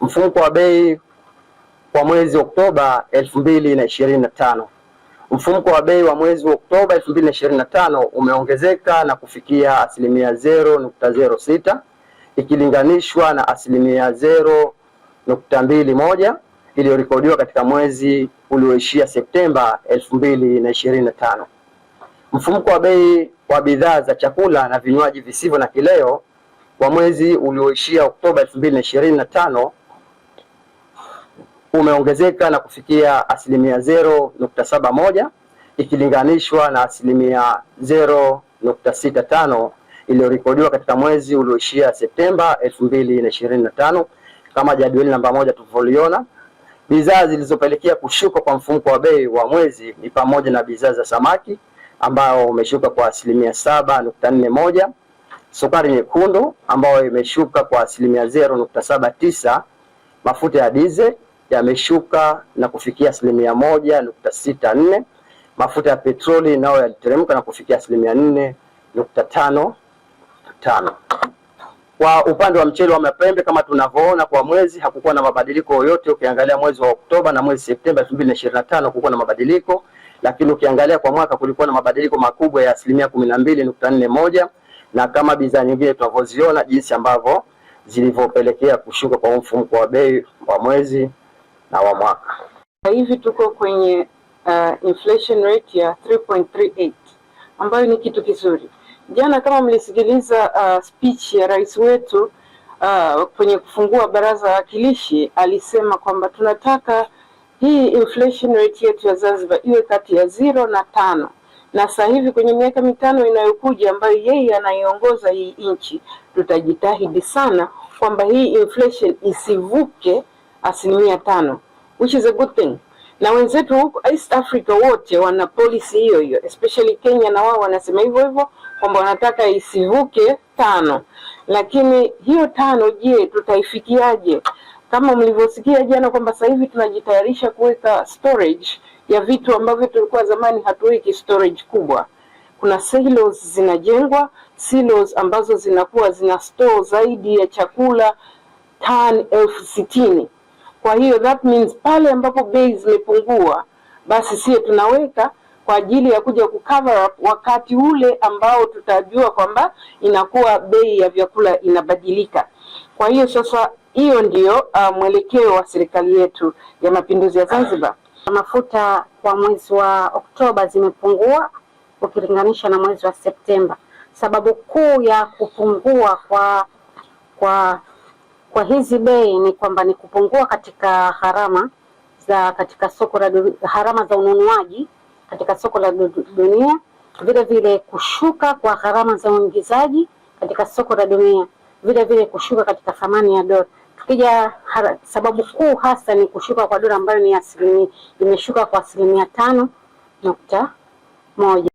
mfumko wa bei kwa mwezi Oktoba 2025. mfumko wa bei wa mwezi wa Oktoba 2025 umeongezeka na kufikia asilimia 0.06 ikilinganishwa na asilimia 0.21 iliyorekodiwa katika mwezi ulioishia Septemba 2025. mfumko wa bei wa bidhaa za chakula na vinywaji visivyo na kileo kwa mwezi ulioishia Oktoba 2025 umeongezeka na kufikia asilimia zero nukta saba moja ikilinganishwa na asilimia zero nukta sita tano iliyorekodiwa katika mwezi ulioishia Septemba elfu mbili na ishirini na tano kama jadwali namba moja tulivyoliona. Bidhaa zilizopelekea kushuka kwa mfumko wa bei wa mwezi ni pamoja na bidhaa za samaki ambayo umeshuka kwa asilimia saba nukta nne moja sukari nyekundu ambayo imeshuka kwa asilimia zero nukta saba tisa mafuta ya dizeli yameshuka na kufikia asilimia moja nukta sita nne. Mafuta ya petroli nayo yaliteremka na kufikia asilimia nne nukta tano tano. Kwa upande wa mchele wa mapembe kama tunavyoona, kwa mwezi hakukuwa na mabadiliko yoyote. Ukiangalia mwezi wa Oktoba na mwezi Septemba 2025 hakukuwa na mabadiliko, lakini ukiangalia kwa mwaka kulikuwa na mabadiliko makubwa ya asilimia kumi na mbili nukta nne moja na kama bidhaa nyingine tunavyoziona jinsi ambavyo zilivyopelekea kushuka kwa mfumko wa bei wa mwezi na wa mwaka. Hivi tuko kwenye uh, inflation rate ya 3.38 ambayo ni kitu kizuri. Jana kama mlisikiliza uh, speech ya rais wetu uh, kwenye kufungua baraza la wakilishi alisema kwamba tunataka hii inflation rate yetu ya Zanzibar iwe kati ya zero na tano na sasa hivi kwenye miaka mitano inayokuja ambayo yeye anaiongoza hii nchi, tutajitahidi sana kwamba hii inflation isivuke asilimia tano, which is a good thing, na wenzetu huko East Africa wote wana policy hiyo hiyo, especially Kenya, na wao wanasema hivyo hivyo kwamba wanataka isivuke tano. Lakini hiyo tano, je, tutaifikiaje? Kama mlivyosikia jana kwamba sasa hivi tunajitayarisha kuweka storage ya vitu ambavyo tulikuwa zamani hatuweki storage kubwa. Kuna silos zinajengwa, silos ambazo zinakuwa zina store zaidi ya chakula tani elfu sitini. Kwa hiyo that means pale ambapo bei zimepungua, basi sio tunaweka kwa ajili ya kuja kucover up wakati ule ambao tutajua kwamba inakuwa bei ya vyakula inabadilika. Kwa hiyo sasa, hiyo ndiyo uh, mwelekeo wa serikali yetu ya mapinduzi ya Zanzibar. Mafuta kwa mwezi wa Oktoba zimepungua ukilinganisha na mwezi wa Septemba. Sababu kuu ya kupungua kwa kwa kwa hizi bei ni kwamba ni kupungua katika gharama za katika soko la gharama za ununuaji katika soko la dunia, vile vile kushuka kwa gharama za uingizaji katika soko la dunia, vile vile kushuka katika thamani ya dola. Tukija sababu kuu hasa ni kushuka kwa dola ambayo ni asilimia imeshuka kwa asilimia tano nukta moja.